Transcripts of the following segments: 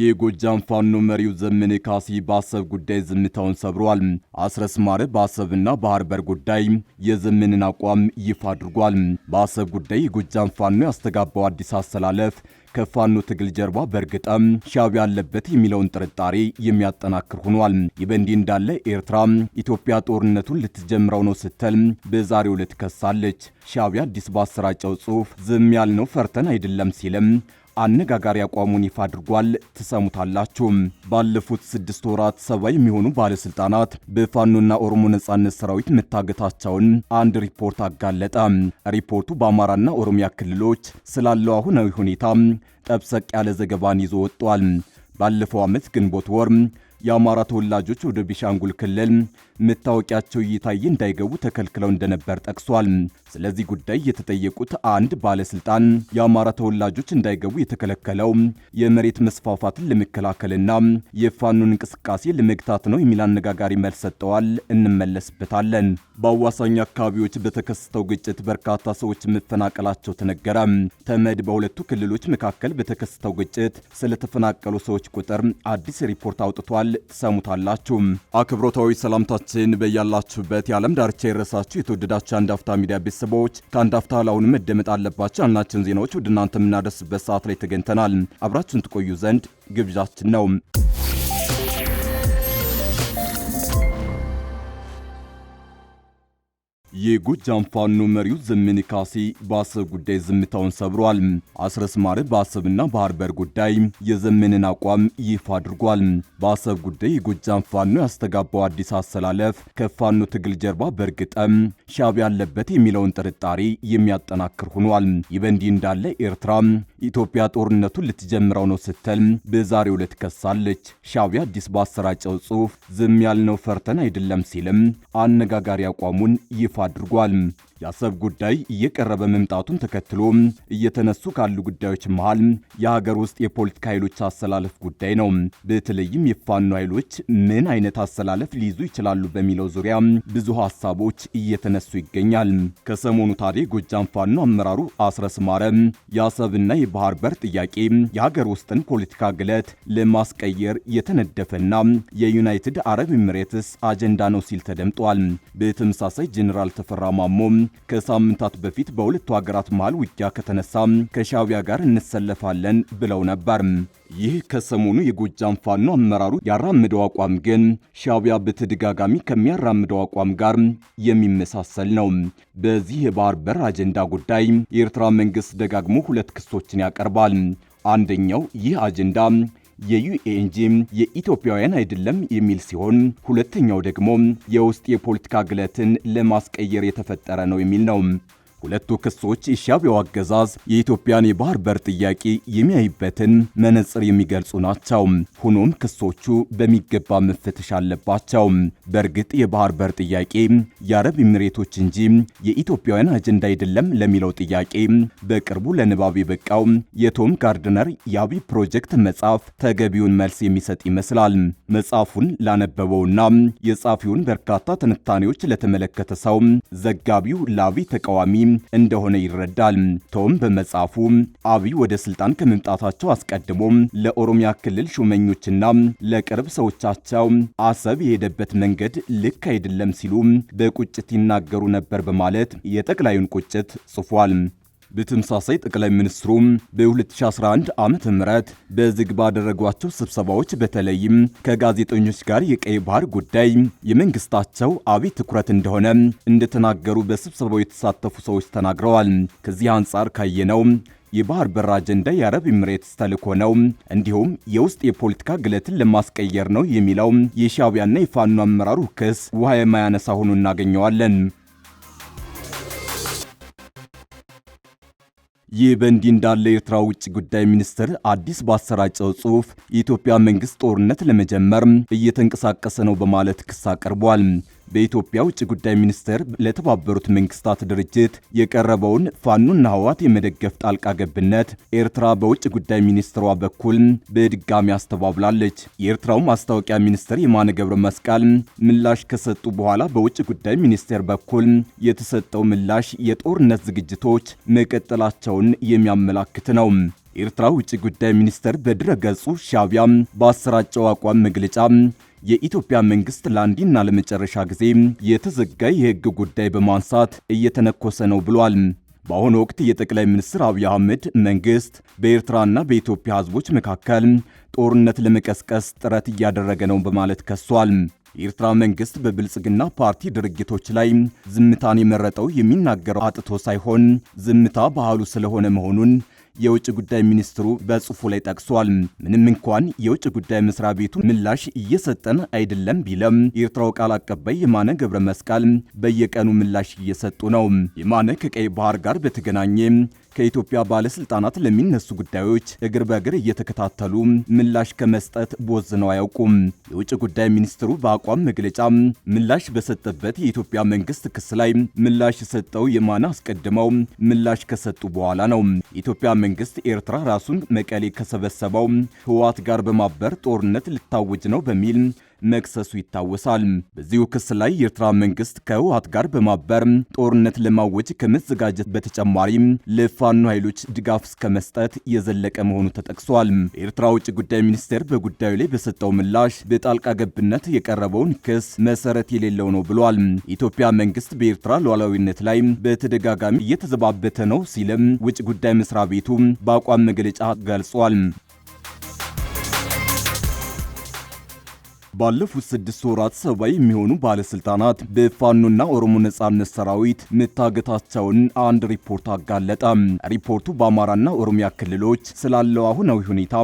የጎጃም ፋኖ መሪው ዘመነ ካሴ በአሰብ ጉዳይ ዝምታውን ሰብሯል። አስረስ ማረ በአሰብና ባህር በር ጉዳይ የዘመንን አቋም ይፋ አድርጓል። በአሰብ ጉዳይ የጎጃም ፋኖ ያስተጋባው አዲስ አሰላለፍ ከፋኖ ትግል ጀርባ በእርግጠም ሻቢያ አለበት የሚለውን ጥርጣሬ የሚያጠናክር ሆኗል። ይህ በእንዲህ እንዳለ ኤርትራ ኢትዮጵያ ጦርነቱን ልትጀምረው ነው ስትል በዛሬው ዕለት ከሳለች። ሻቢያ አዲስ ባሰራጨው ጽሑፍ ዝም ያልነው ፈርተን አይደለም ሲልም አነጋጋሪ አቋሙን ይፋ አድርጓል። ትሰሙታላችሁ። ባለፉት ስድስት ወራት ሰባ የሚሆኑ ባለስልጣናት በፋኖና ኦሮሞ ነጻነት ሰራዊት መታገታቸውን አንድ ሪፖርት አጋለጠ። ሪፖርቱ በአማራና ኦሮሚያ ክልሎች ስላለው አሁናዊ ሁኔታ ጠብሰቅ ያለ ዘገባን ይዞ ወጥቷል። ባለፈው ዓመት ግንቦት ወር የአማራ ተወላጆች ወደ ቢሻንጉል ክልል መታወቂያቸው እየታየ እንዳይገቡ ተከልክለው እንደነበር ጠቅሷል። ስለዚህ ጉዳይ የተጠየቁት አንድ ባለስልጣን የአማራ ተወላጆች እንዳይገቡ የተከለከለው የመሬት መስፋፋትን ለመከላከልና የፋኑን እንቅስቃሴ ለመግታት ነው የሚል አነጋጋሪ መልስ ሰጥተዋል። እንመለስበታለን። በአዋሳኝ አካባቢዎች በተከሰተው ግጭት በርካታ ሰዎች መፈናቀላቸው ተነገረ። ተመድ በሁለቱ ክልሎች መካከል በተከሰተው ግጭት ስለተፈናቀሉ ሰዎች ቁጥር አዲስ ሪፖርት አውጥቷል። ይሆናል። ሰሙታላችሁ አክብሮታዊ ሰላምታችን በያላችሁበት የዓለም ዳርቻ የረሳችሁ የተወደዳችሁ አንዳፍታ ሚዲያ ቤተሰቦች ከአንዳፍታ አፍታ ላሁን መደመጥ አለባቸው ያልናቸውን ዜናዎች ወደ እናንተ የምናደርስበት ሰዓት ላይ ተገኝተናል። አብራችሁን ትቆዩ ዘንድ ግብዣችን ነው። የጎጃም ፋኖ መሪው ዘመነ ካሴ በአሰብ ጉዳይ ዝምታውን ሰብሯል። አስረስ ማረ በአሰብና ባህር በር ጉዳይ የዘመነን አቋም ይፋ አድርጓል። በአሰብ ጉዳይ የጎጃም ፋኖ ያስተጋባው አዲስ አሰላለፍ ከፋኖ ትግል ጀርባ በእርግጠም ሻዕቢያ ያለበት የሚለውን ጥርጣሬ የሚያጠናክር ሆኗል። ይህ በእንዲህ እንዳለ ኤርትራ ኢትዮጵያ ጦርነቱን ልትጀምረው ነው ስትል በዛሬው ዕለት ከሳለች። ሻዕቢያ አዲስ ባሰራጨው ጽሑፍ ዝም ያልነው ፈርተን አይደለም ሲልም አነጋጋሪ አቋሙን ይፋ አድርጓል። የአሰብ ጉዳይ እየቀረበ መምጣቱን ተከትሎ እየተነሱ ካሉ ጉዳዮች መሃል የሀገር ውስጥ የፖለቲካ ኃይሎች አሰላለፍ ጉዳይ ነው። በተለይም የፋኖ ኃይሎች ምን አይነት አሰላለፍ ሊይዙ ይችላሉ በሚለው ዙሪያ ብዙ ሀሳቦች እየተነሱ ይገኛል። ከሰሞኑ ታዲያ ጎጃም ፋኖ አመራሩ አስረስ ማረ የአሰብና የባህር በር ጥያቄ የሀገር ውስጥን ፖለቲካ ግለት ለማስቀየር የተነደፈና የዩናይትድ አረብ ኤምሬትስ አጀንዳ ነው ሲል ተደምጧል። በተመሳሳይ ጀነራል ተፈራ ከሳምንታት በፊት በሁለቱ ሀገራት መሃል ውጊያ ከተነሳ ከሻቢያ ጋር እንሰለፋለን ብለው ነበር። ይህ ከሰሞኑ የጎጃም ፋኖ አመራሩ ያራምደው አቋም ግን ሻቢያ በተደጋጋሚ ከሚያራምደው አቋም ጋር የሚመሳሰል ነው። በዚህ የባህር በር አጀንዳ ጉዳይ የኤርትራ መንግስት ደጋግሞ ሁለት ክሶችን ያቀርባል። አንደኛው ይህ አጀንዳ የዩኤንጂም የኢትዮጵያውያን አይደለም የሚል ሲሆን፣ ሁለተኛው ደግሞ የውስጥ የፖለቲካ ግለትን ለማስቀየር የተፈጠረ ነው የሚል ነው። ሁለቱ ክሶች የሻቢያው አገዛዝ የኢትዮጵያን የባህር በር ጥያቄ የሚያይበትን መነጽር የሚገልጹ ናቸው። ሆኖም ክሶቹ በሚገባ መፈተሽ አለባቸው። በእርግጥ የባህር በር ጥያቄ የአረብ ኤምሬቶች እንጂ የኢትዮጵያውያን አጀንዳ አይደለም ለሚለው ጥያቄ በቅርቡ ለንባብ የበቃው የቶም ጋርድነር የአቢ ፕሮጀክት መጽሐፍ ተገቢውን መልስ የሚሰጥ ይመስላል። መጽሐፉን ላነበበውና የጻፊውን በርካታ ትንታኔዎች ለተመለከተ ሰው ዘጋቢው ለአብይ ተቃዋሚ እንደሆነ ይረዳል። ቶም በመጽሐፉ አብይ ወደ ስልጣን ከመምጣታቸው አስቀድሞ ለኦሮሚያ ክልል ሹመኞችና ለቅርብ ሰዎቻቸው አሰብ የሄደበት መንገድ ልክ አይደለም ሲሉ በቁጭት ይናገሩ ነበር በማለት የጠቅላዩን ቁጭት ጽፏል። በተመሳሳይ ጠቅላይ ሚኒስትሩም በ2011 ዓመተ ምህረት በዝግ ባደረጓቸው ስብሰባዎች በተለይም ከጋዜጠኞች ጋር የቀይ ባህር ጉዳይ የመንግስታቸው አብይ ትኩረት እንደሆነ እንደተናገሩ በስብሰባው የተሳተፉ ሰዎች ተናግረዋል። ከዚህ አንጻር ካየነው የባህር በር አጀንዳ የአረብ ኤምሬትስ ተልዕኮ ነው፣ እንዲሁም የውስጥ የፖለቲካ ግለትን ለማስቀየር ነው የሚለው የሻቢያና የፋኖ አመራሩ ክስ ውሃ የማያነሳ ሆኖ እናገኘዋለን። ይህ በእንዲህ እንዳለ የኤርትራ ውጭ ጉዳይ ሚኒስትር አዲስ ባሰራጨው ጽሑፍ የኢትዮጵያ መንግስት ጦርነት ለመጀመር እየተንቀሳቀሰ ነው በማለት ክስ አቅርቧል። በኢትዮጵያ ውጭ ጉዳይ ሚኒስቴር ለተባበሩት መንግስታት ድርጅት የቀረበውን ፋኖና ህዋት የመደገፍ ጣልቃ ገብነት ኤርትራ በውጭ ጉዳይ ሚኒስትሯ በኩል በድጋሚ አስተባብላለች። የኤርትራው ማስታወቂያ ሚኒስትር የማነ ገብረ መስቀል ምላሽ ከሰጡ በኋላ በውጭ ጉዳይ ሚኒስቴር በኩል የተሰጠው ምላሽ የጦርነት ዝግጅቶች መቀጠላቸውን የሚያመላክት ነው። የኤርትራ ውጭ ጉዳይ ሚኒስቴር በድረ ገጹ ሻቢያ በአሰራጨው አቋም መግለጫ የኢትዮጵያ መንግስት ለአንዴና ለመጨረሻ ጊዜ የተዘጋ የህግ ጉዳይ በማንሳት እየተነኮሰ ነው ብሏል። በአሁኑ ወቅት የጠቅላይ ሚኒስትር አብይ አህመድ መንግስት በኤርትራና በኢትዮጵያ ህዝቦች መካከል ጦርነት ለመቀስቀስ ጥረት እያደረገ ነው በማለት ከሷል። የኤርትራ መንግስት በብልጽግና ፓርቲ ድርጊቶች ላይ ዝምታን የመረጠው የሚናገረው አጥቶ ሳይሆን ዝምታ ባህሉ ስለሆነ መሆኑን የውጭ ጉዳይ ሚኒስትሩ በጽሑፉ ላይ ጠቅሷል። ምንም እንኳን የውጭ ጉዳይ መስሪያ ቤቱ ምላሽ እየሰጠን አይደለም ቢለም የኤርትራው ቃል አቀባይ የማነ ገብረ መስቀል በየቀኑ ምላሽ እየሰጡ ነው። የማነ ከቀይ ባህር ጋር በተገናኘ ከኢትዮጵያ ባለስልጣናት ለሚነሱ ጉዳዮች እግር በእግር እየተከታተሉ ምላሽ ከመስጠት ቦዝነው አያውቁም። የውጭ ጉዳይ ሚኒስትሩ በአቋም መግለጫ ምላሽ በሰጠበት የኢትዮጵያ መንግስት ክስ ላይ ምላሽ የሰጠው የማነ አስቀድመው ምላሽ ከሰጡ በኋላ ነው። የኢትዮጵያ መንግስት ኤርትራ ራሱን መቀሌ ከሰበሰበው ህወሓት ጋር በማበር ጦርነት ልታውጅ ነው በሚል መክሰሱ ይታወሳል። በዚሁ ክስ ላይ የኤርትራ መንግስት ከህወሓት ጋር በማበር ጦርነት ለማወጅ ከመዘጋጀት በተጨማሪ ለፋኖ ኃይሎች ድጋፍ እስከ መስጠት የዘለቀ መሆኑ ተጠቅሷል። የኤርትራ ውጭ ጉዳይ ሚኒስቴር በጉዳዩ ላይ በሰጠው ምላሽ በጣልቃ ገብነት የቀረበውን ክስ መሰረት የሌለው ነው ብሏል። የኢትዮጵያ መንግስት በኤርትራ ሉዓላዊነት ላይ በተደጋጋሚ እየተዘባበተ ነው ሲልም ውጭ ጉዳይ መስሪያ ቤቱ በአቋም መግለጫ ገልጿል። ባለፉት ስድስት ወራት ሰባ የሚሆኑ ባለስልጣናት በፋኖና ኦሮሞ ነጻነት ሰራዊት መታገታቸውን አንድ ሪፖርት አጋለጠ። ሪፖርቱ በአማራና ኦሮሚያ ክልሎች ስላለው አሁናዊ ሁኔታ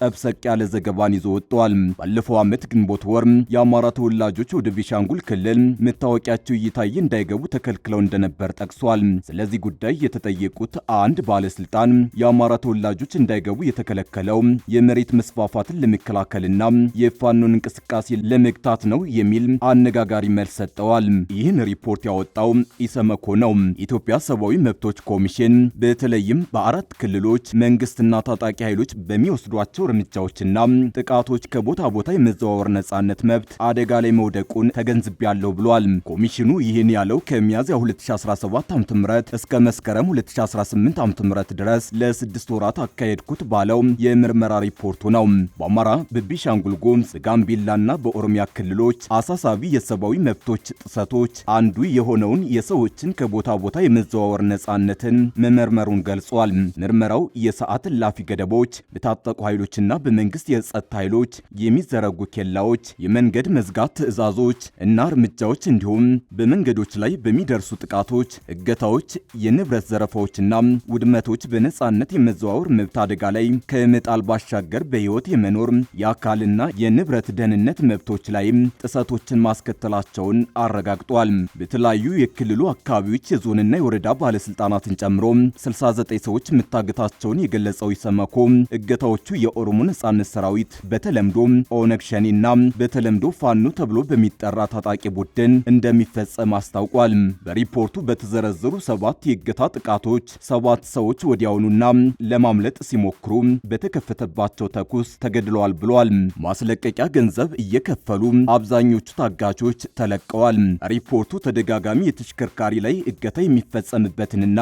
ጠብሰቅ ያለ ዘገባን ይዞ ወጥተዋል። ባለፈው ዓመት ግንቦት ወር የአማራ ተወላጆች ወደ ቤሻንጉል ክልል መታወቂያቸው እየታየ እንዳይገቡ ተከልክለው እንደነበር ጠቅሷል። ስለዚህ ጉዳይ የተጠየቁት አንድ ባለስልጣን የአማራ ተወላጆች እንዳይገቡ የተከለከለው የመሬት መስፋፋትን ለመከላከልና የፋኖን እንቅስቃሴ ለመግታት ነው የሚል አነጋጋሪ መልስ ሰጠዋል። ይህን ሪፖርት ያወጣው ኢሰመኮ ነው። ኢትዮጵያ ሰብአዊ መብቶች ኮሚሽን በተለይም በአራት ክልሎች መንግስትና ታጣቂ ኃይሎች በሚወስዷቸው እርምጃዎችና ጥቃቶች ከቦታ ቦታ የመዘዋወር ነጻነት መብት አደጋ ላይ መውደቁን ተገንዝቤያለሁ ብሏል። ኮሚሽኑ ይህን ያለው ከሚያዝያ 2017 ዓ ም እስከ መስከረም 2018 ዓ ም ድረስ ለስድስት ወራት አካሄድኩት ባለው የምርመራ ሪፖርቱ ነው። በአማራ በቤኒሻንጉል ጉሙዝ፣ ጋምቤላና በኦሮሚያ ክልሎች አሳሳቢ የሰብአዊ መብቶች ጥሰቶች አንዱ የሆነውን የሰዎችን ከቦታ ቦታ የመዘዋወር ነጻነትን መመርመሩን ገልጿል። ምርመራው የሰዓት እላፊ ገደቦች በታጠቁ ኃይሎች በፖሊሶችና በመንግስት የጸጥታ ኃይሎች የሚዘረጉ ኬላዎች፣ የመንገድ መዝጋት ትዕዛዞች እና እርምጃዎች እንዲሁም በመንገዶች ላይ በሚደርሱ ጥቃቶች፣ እገታዎች፣ የንብረት ዘረፋዎችና ውድመቶች በነጻነት የመዘዋወር መብት አደጋ ላይ ከመጣል ባሻገር በህይወት የመኖር የአካልና የንብረት ደህንነት መብቶች ላይም ጥሰቶችን ማስከተላቸውን አረጋግጧል። በተለያዩ የክልሉ አካባቢዎች የዞንና የወረዳ ባለስልጣናትን ጨምሮ 69 ሰዎች መታገታቸውን የገለጸው ኢሰመኮ እገታዎቹ የኦሮ የኦሮሞ ነጻነት ሰራዊት በተለምዶ ኦነግ ሸኔና በተለምዶ ፋኖ ተብሎ በሚጠራ ታጣቂ ቡድን እንደሚፈጸም አስታውቋል። በሪፖርቱ በተዘረዘሩ ሰባት የእገታ ጥቃቶች ሰባት ሰዎች ወዲያውኑና ለማምለጥ ሲሞክሩ በተከፈተባቸው ተኩስ ተገድለዋል ብሏል። ማስለቀቂያ ገንዘብ እየከፈሉ አብዛኞቹ ታጋቾች ተለቀዋል። ሪፖርቱ ተደጋጋሚ የተሽከርካሪ ላይ እገታ የሚፈጸምበትንና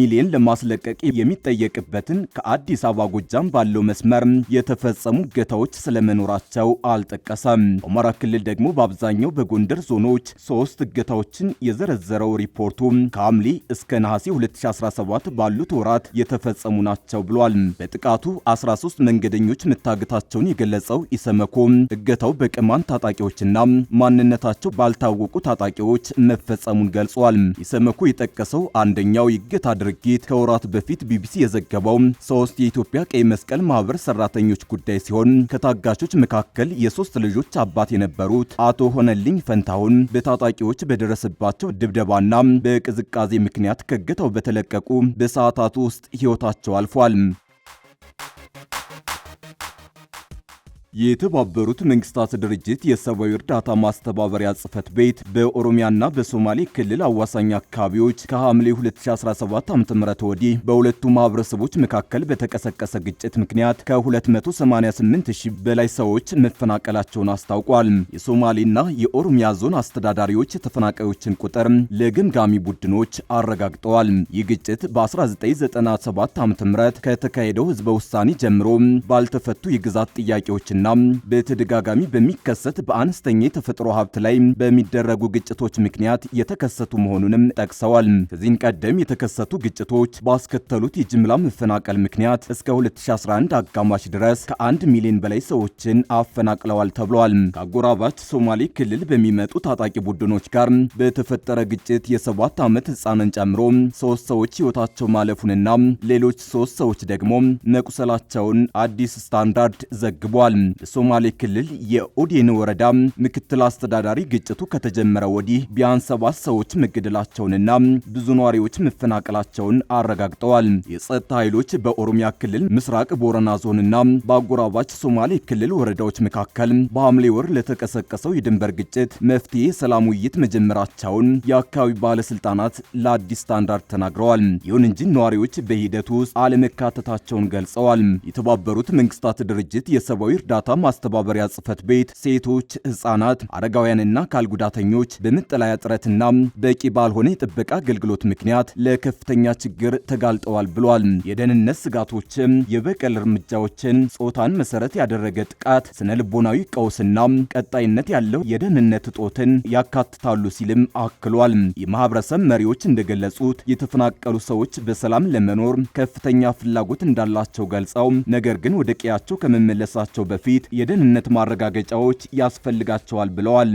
ሚሊየን ለማስለቀቅ የሚጠየቅበትን ከአዲስ አበባ ጎጃም ባለው መስመር የተፈጸሙ እገታዎች ስለመኖራቸው አልጠቀሰም። በአማራ ክልል ደግሞ በአብዛኛው በጎንደር ዞኖች ሶስት እገታዎችን የዘረዘረው ሪፖርቱ ከሐምሌ እስከ ነሐሴ 2017 ባሉት ወራት የተፈጸሙ ናቸው ብሏል። በጥቃቱ 13 መንገደኞች መታገታቸውን የገለጸው ኢሰመኮ እገታው በቅማን ታጣቂዎችና ማንነታቸው ባልታወቁ ታጣቂዎች መፈጸሙን ገልጿል። ኢሰመኮ የጠቀሰው አንደኛው የእገታ ድርጊት ከወራት በፊት ቢቢሲ የዘገበው ሶስት የኢትዮጵያ ቀይ መስቀል ማህበር ሰራ ሰራተኞች ጉዳይ ሲሆን ከታጋቾች መካከል የሶስት ልጆች አባት የነበሩት አቶ ሆነልኝ ፈንታሁን በታጣቂዎች በደረሰባቸው ድብደባና በቅዝቃዜ ምክንያት ከግተው በተለቀቁ በሰዓታት ውስጥ ሕይወታቸው አልፏል። የተባበሩት መንግስታት ድርጅት የሰብአዊ እርዳታ ማስተባበሪያ ጽህፈት ቤት በኦሮሚያና በሶማሌ ክልል አዋሳኝ አካባቢዎች ከሐምሌ 2017 ዓ.ም ወዲህ በሁለቱ ማህበረሰቦች መካከል በተቀሰቀሰ ግጭት ምክንያት ከ288 ሺህ በላይ ሰዎች መፈናቀላቸውን አስታውቋል። የሶማሌና የኦሮሚያ ዞን አስተዳዳሪዎች የተፈናቃዮችን ቁጥር ለግምጋሚ ቡድኖች አረጋግጠዋል። ይህ ግጭት በ1997 ዓ.ም ከተካሄደው ህዝበ ውሳኔ ጀምሮ ባልተፈቱ የግዛት ጥያቄዎች በመዝረፍና በተደጋጋሚ በሚከሰት በአነስተኛ የተፈጥሮ ሀብት ላይ በሚደረጉ ግጭቶች ምክንያት የተከሰቱ መሆኑንም ጠቅሰዋል። ከዚህን ቀደም የተከሰቱ ግጭቶች ባስከተሉት የጅምላ መፈናቀል ምክንያት እስከ 2011 አጋማሽ ድረስ ከአንድ ሚሊዮን በላይ ሰዎችን አፈናቅለዋል ተብሏል። ከአጎራባች ሶማሌ ክልል በሚመጡ ታጣቂ ቡድኖች ጋር በተፈጠረ ግጭት የሰባት ዓመት ህፃንን ጨምሮ ሶስት ሰዎች ህይወታቸው ማለፉንና ሌሎች ሶስት ሰዎች ደግሞ መቁሰላቸውን አዲስ ስታንዳርድ ዘግቧል። ሶማሌ ክልል የኦዴን ወረዳ ምክትል አስተዳዳሪ ግጭቱ ከተጀመረ ወዲህ ቢያንስ ሰባት ሰዎች መገደላቸውንና ብዙ ነዋሪዎች መፈናቀላቸውን አረጋግጠዋል። የጸጥታ ኃይሎች በኦሮሚያ ክልል ምስራቅ ቦረና ዞንና በአጎራባች ሶማሌ ክልል ወረዳዎች መካከል በሐምሌ ወር ለተቀሰቀሰው የድንበር ግጭት መፍትሄ ሰላም ውይይት መጀመራቸውን የአካባቢ ባለስልጣናት ለአዲስ ስታንዳርድ ተናግረዋል። ይሁን እንጂ ነዋሪዎች በሂደቱ ውስጥ አለመካተታቸውን ገልጸዋል። የተባበሩት መንግስታት ድርጅት የሰብአዊ እርዳ እርዳታ ማስተባበሪያ ጽህፈት ቤት ሴቶች፣ ህጻናት፣ አረጋውያንና አካል ጉዳተኞች በመጠለያ እጥረትና በቂ ባልሆነ የጥበቃ አገልግሎት ምክንያት ለከፍተኛ ችግር ተጋልጠዋል ብሏል። የደህንነት ስጋቶችም የበቀል እርምጃዎችን፣ ጾታን መሰረት ያደረገ ጥቃት፣ ስነ ልቦናዊ ቀውስና ቀጣይነት ያለው የደህንነት እጦትን ያካትታሉ ሲልም አክሏል። የማህበረሰብ መሪዎች እንደገለጹት የተፈናቀሉ ሰዎች በሰላም ለመኖር ከፍተኛ ፍላጎት እንዳላቸው ገልጸው ነገር ግን ወደ ቀያቸው ከመመለሳቸው በፊት በፊት የደህንነት ማረጋገጫዎች ያስፈልጋቸዋል ብለዋል።